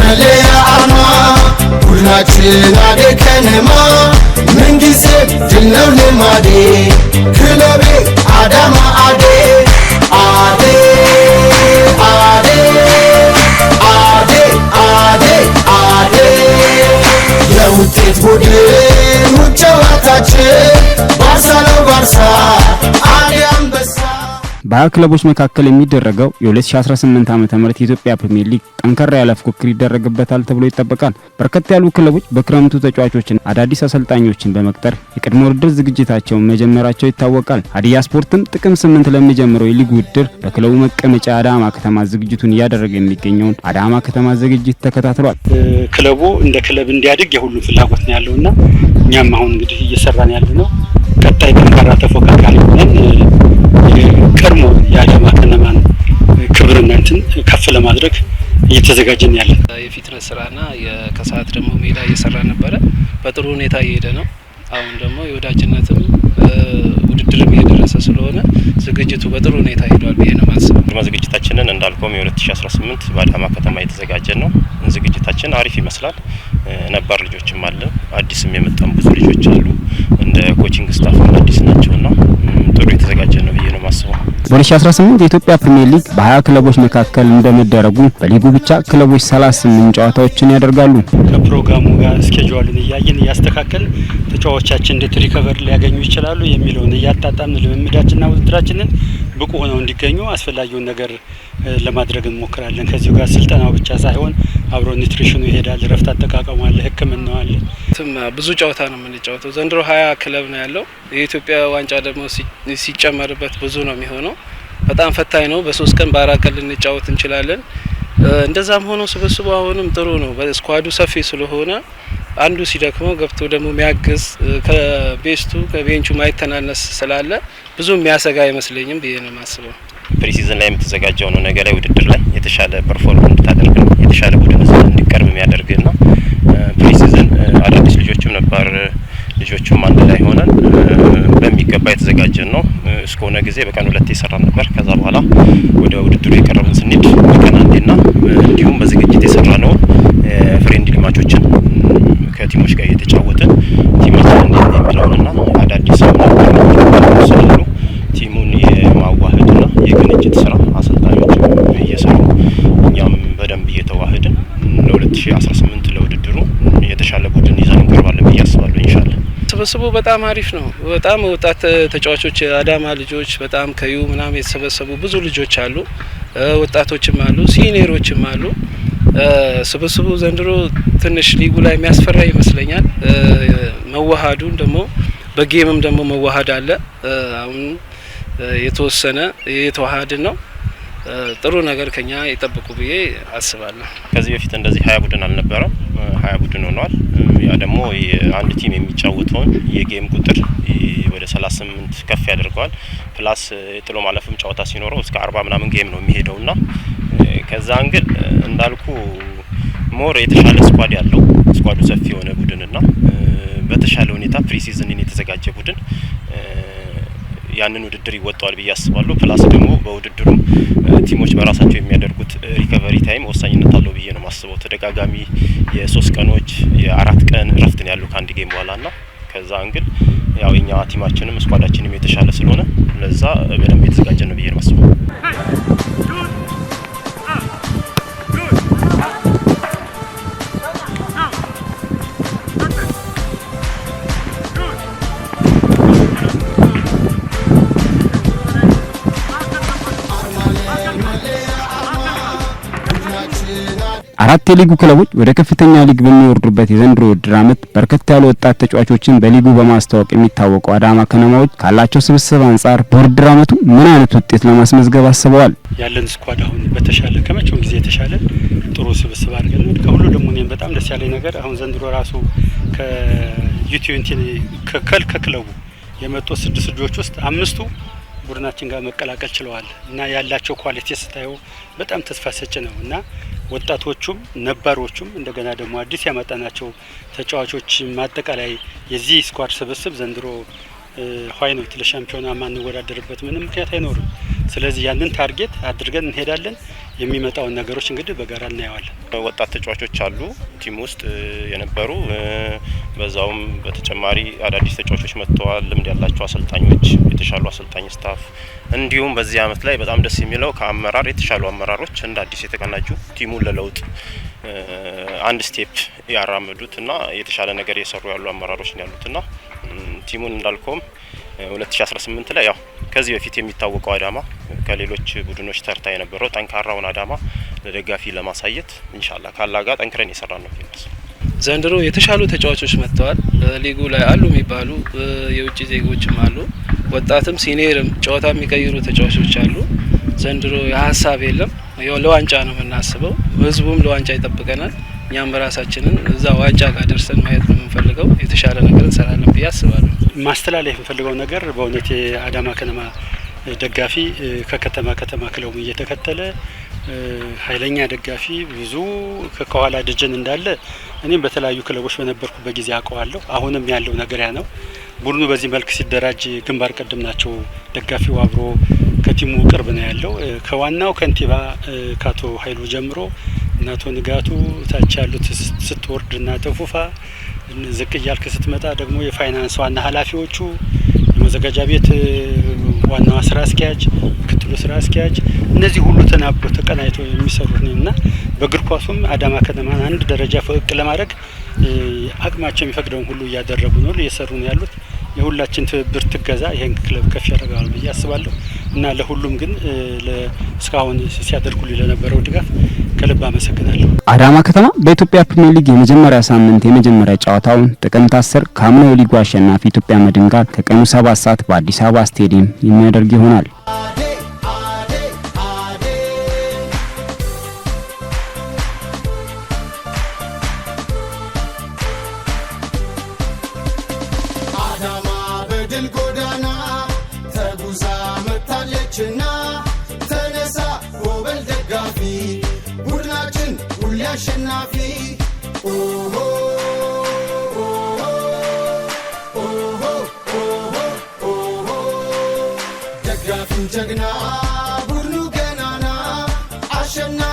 መለያ አርማ ሁላችን አዴ ከነማ ምንጊዜ ድል ነው ልማዴ ክለቤ አዳማ አዴ በሀያ ክለቦች መካከል የሚደረገው የ2018 ዓ.ም የኢትዮጵያ ፕሪሚየር ሊግ ጠንከራ ያለ ፉክክር ይደረግበታል ተብሎ ይጠበቃል። በርከት ያሉ ክለቦች በክረምቱ ተጫዋቾችን አዳዲስ አሰልጣኞችን በመቅጠር የቅድመ ውድድር ዝግጅታቸውን መጀመራቸው ይታወቃል። ሀዲያ ስፖርትም ጥቅም ስምንት ለሚጀምረው የሊግ ውድድር በክለቡ መቀመጫ አዳማ ከተማ ዝግጅቱን እያደረገ የሚገኘውን አዳማ ከተማ ዝግጅት ተከታትሏል። ክለቡ እንደ ክለብ እንዲያድግ የሁሉም ፍላጎት ነው ያለውና እኛም አሁን እንግዲህ እየሰራን ያለ ነው። ቀጣይ ጠንካራ ተፎካካሪ ሆነን ቀድሞ የአዳማ ከነማን ክብርና እንትን ከፍ ለማድረግ እየተዘጋጀን ያለ የፊትነስ ስራና ከሰዓት ደግሞ ሜዳ እየሰራ ነበረ። በጥሩ ሁኔታ እየሄደ ነው። አሁን ደግሞ የወዳጅነትም ውድድርም እየደረሰ ስለሆነ ዝግጅቱ በጥሩ ሁኔታ ሄዷል ብዬ ነው ማስበው። ዝግጅታችንን እንዳልከውም የ2018 በአዳማ ከተማ የተዘጋጀ ነው። ዝግጅታችን አሪፍ ይመስላል። ነባር ልጆችም አለ፣ አዲስም የመጣም ብዙ ልጆች አሉ። እንደ ኮቺንግ ስታፍ አዲስ ናቸውና ጥሩ የተዘጋጀ ነው። የማስበው። በ2018 የኢትዮጵያ ፕሪሚየር ሊግ በ20 ክለቦች መካከል እንደመደረጉ በሊጉ ብቻ ክለቦች 38 ጨዋታዎችን ያደርጋሉ። ከፕሮግራሙ ጋር እስኬጁዋሉን እያየን እያስተካከልን ተጫዋቾቻችን እንዴት ሪከቨር ሊያገኙ ይችላሉ የሚለውን እያጣጣምን ልምምዳችንና ውድድራችንን ብቁ ሆነው እንዲገኙ አስፈላጊውን ነገር ለማድረግ እንሞክራለን። ከዚሁ ጋር ስልጠናው ብቻ ሳይሆን አብሮ ኒትሪሽኑ ይሄዳል፣ ረፍት አጠቃቀሙ አለ፣ ህክምናው አለ። ብዙ ጨዋታ ነው የምንጫወተው ዘንድሮ ሀያ ክለብ ነው ያለው። የኢትዮጵያ ዋንጫ ደግሞ ሲጨመርበት ብዙ ነው የሚሆነው። በጣም ፈታኝ ነው። በሶስት ቀን በአራት ቀን ልንጫወት እንችላለን። እንደዛም ሆኖ ስብስቡ አሁንም ጥሩ ነው። ስኳዱ ሰፊ ስለሆነ አንዱ ሲደክመው ገብቶ ደግሞ የሚያግዝ ከቤስቱ ከቤንቹ ማይተናነስ ስላለ ብዙ የሚያሰጋ አይመስለኝም ብዬ ነው የማስበው። ፕሪሲዝን ላይ የምትዘጋጀው ነው ነገ ላይ ውድድር ላይ የተሻለ ፐርፎርም እንድታደርግ ነው የተሻለ ቡድን ስ እንዲቀርብ የሚያደርግ ነው። ፕሪሲዝን አዳዲስ ልጆችም ነባር ልጆቹም አንድ ላይ ሆነን በሚገባ የተዘጋጀን ነው። እስከሆነ ጊዜ በቀን ሁለት የሰራን ነበር። ከዛ በኋላ ወደ ውድድሩ የቀረብን 2018 ለውድድሩ የተሻለ ቡድን ይዘን እንቀርባለን ብዬ አስባለሁ። ኢንሻአላ ስብስቡ በጣም አሪፍ ነው። በጣም ወጣት ተጫዋቾች የአዳማ ልጆች በጣም ከዩ ምናምን የተሰበሰቡ ብዙ ልጆች አሉ፣ ወጣቶችም አሉ፣ ሲኒየሮችም አሉ። ስብስቡ ዘንድሮ ትንሽ ሊጉ ላይ የሚያስፈራ ይመስለኛል። መዋሃዱን ደግሞ በጌምም ደግሞ መዋሃድ አለ። አሁን የተወሰነ የተዋሃድን ነው ጥሩ ነገር ከኛ ይጠብቁ ብዬ አስባለሁ። ከዚህ በፊት እንደዚህ ሀያ ቡድን አልነበረም። ሀያ ቡድን ሆኗል። ያ ደግሞ አንድ ቲም የሚጫወተውን የጌም ቁጥር ወደ ሰላሳ ስምንት ከፍ ያደርገዋል። ፕላስ የጥሎ ማለፍም ጨዋታ ሲኖረው እስከ አርባ ምናምን ጌም ነው የሚሄደው ና ከዛ ግን እንዳልኩ ሞር የተሻለ ስኳድ ያለው ስኳዱ ሰፊ የሆነ ቡድን ና በተሻለ ሁኔታ ፕሪሲዝንን የተዘጋጀ ቡድን ያንን ውድድር ይወጣዋል ብዬ አስባለሁ። ፕላስ ደግሞ በውድድሩም ቲሞች በራሳቸው የሚያደርጉት ሪከቨሪ ታይም ወሳኝነት አለው ብዬ ነው ማስበው። ተደጋጋሚ የሶስት ቀኖች የአራት ቀን እረፍት ነው ከአንድ ጌም በኋላ ና ከዛ እንግል ያው የኛ ቲማችንም ስኳዳችንም የተሻለ ስለሆነ ለዛ በደንብ የተዘጋጀ ነው ብዬ ነው ማስበው። አራት የሊጉ ክለቦች ወደ ከፍተኛ ሊግ በሚወርዱበት የዘንድሮ ውድድር ዓመት በርከት ያሉ ወጣት ተጫዋቾችን በሊጉ በማስተዋወቅ የሚታወቁ አዳማ ከነማዎች ካላቸው ስብስብ አንጻር በውድድር ዓመቱ ምን አይነት ውጤት ለማስመዝገብ አስበዋል? ያለን ስኳድ አሁን በተሻለ ከመቼውም ጊዜ የተሻለ ጥሩ ስብስብ አድርገን ከሁሉ ደግሞ እኔም በጣም ደስ ያለኝ ነገር አሁን ዘንድሮ ራሱ ከዩቲዩንቲ ከከል ከክለቡ የመጡ ስድስት ልጆች ውስጥ አምስቱ ቡድናችን ጋር መቀላቀል ችለዋል እና ያላቸው ኳሊቲ ስታየው በጣም ተስፋ ሰጭ ነው እና ወጣቶቹም ነባሮቹም እንደገና ደግሞ አዲስ ያመጣናቸው ተጫዋቾች ማጠቃላይ የዚህ ስኳድ ስብስብ ዘንድሮ ኋይኖት ለሻምፒዮና ማንወዳደርበት ምንም ምክንያት አይኖርም። ስለዚህ ያንን ታርጌት አድርገን እንሄዳለን። የሚመጣውን ነገሮች እንግዲህ በጋራ እናየዋለን። ወጣት ተጫዋቾች አሉ ቲም ውስጥ የነበሩ በዛውም በተጨማሪ አዳዲስ ተጫዋቾች መጥተዋል። ልምድ ያላቸው አሰልጣኞች፣ የተሻሉ አሰልጣኝ ስታፍ እንዲሁም በዚህ አመት ላይ በጣም ደስ የሚለው ከአመራር የተሻሉ አመራሮች እንደ አዲስ የተቀናጁ ቲሙን ለለውጥ አንድ ስቴፕ ያራመዱት እና የተሻለ ነገር የሰሩ ያሉ አመራሮች ነው ያሉት እና ቲሙን እንዳልከውም 2018 ላይ ያው ከዚህ በፊት የሚታወቀው አዳማ ከሌሎች ቡድኖች ተርታ የነበረው ጠንካራውን አዳማ ለደጋፊ ለማሳየት እንሻላ ካላ ጋር ጠንክረን የሰራ ነው ይመስል ዘንድሮ የተሻሉ ተጫዋቾች መጥተዋል። ሊጉ ላይ አሉ የሚባሉ የውጭ ዜጎችም አሉ፣ ወጣትም ሲኒየርም ጨዋታ የሚቀይሩ ተጫዋቾች አሉ። ዘንድሮ የሀሳብ የለም፣ ለዋንጫ ነው የምናስበው። ህዝቡም ለዋንጫ ይጠብቀናል። እኛም በራሳችንን እዛ ዋንጫ ጋር ደርሰን ማየት ነው የምንፈልገው። የተሻለ ነገር እንሰራለን ብዬ አስባለሁ። ማስተላለፍ የምንፈልገው ነገር በእውነት የአዳማ ከነማ ደጋፊ ከከተማ ከተማ ክለቡ እየተከተለ ኃይለኛ ደጋፊ ብዙ ከኋላ ደጀን እንዳለ እኔም በተለያዩ ክለቦች በነበርኩበት ጊዜ አውቀዋለሁ። አሁንም ያለው ነገር ያ ነው። ቡድኑ በዚህ መልክ ሲደራጅ ግንባር ቀደም ናቸው። ደጋፊው አብሮ ከቲሙ ቅርብ ነው ያለው። ከዋናው ከንቲባ ከአቶ ኃይሉ ጀምሮ እና አቶ ንጋቱ ታች ያሉት ስትወርድ እና ተፉፋ ዝቅ እያልክ ስትመጣ ደግሞ የፋይናንስ ዋና ኃላፊዎቹ የመዘጋጃ ቤት ዋናዋ ስራ አስኪያጅ፣ ምክትሉ ስራ አስኪያጅ እነዚህ ሁሉ ተናበው ተቀናይተው የሚሰሩት ነው እና በእግር ኳሱም አዳማ ከተማን አንድ ደረጃ ፈቅ ለማድረግ አቅማቸው የሚፈቅደውን ሁሉ እያደረጉ ነው፣ እየሰሩ ነው ያሉት። የሁላችን ትብብር ትገዛ ይህን ክለብ ከፍ ያደርገዋል ብዬ አስባለሁ እና ለሁሉም ግን እስካሁን ሲያደርጉልኝ ለነበረው ድጋፍ ከልብ አመሰግናለሁ። አዳማ ከተማ በኢትዮጵያ ፕሪሚየር ሊግ የመጀመሪያ ሳምንት የመጀመሪያ ጨዋታውን ጥቅምት 10 ከአምናው የሊጉ አሸናፊ ኢትዮጵያ መድን ጋር ከቀኑ ሰባት ሰዓት በአዲስ አበባ ስቴዲየም የሚያደርግ ይሆናል። ቡድናችንና ተነሳ ጎበል ደጋፊ ቡድናችን ሁሌ አሸናፊ ኦሆ ጀግና ቡድኑ ገናና አሸናፊ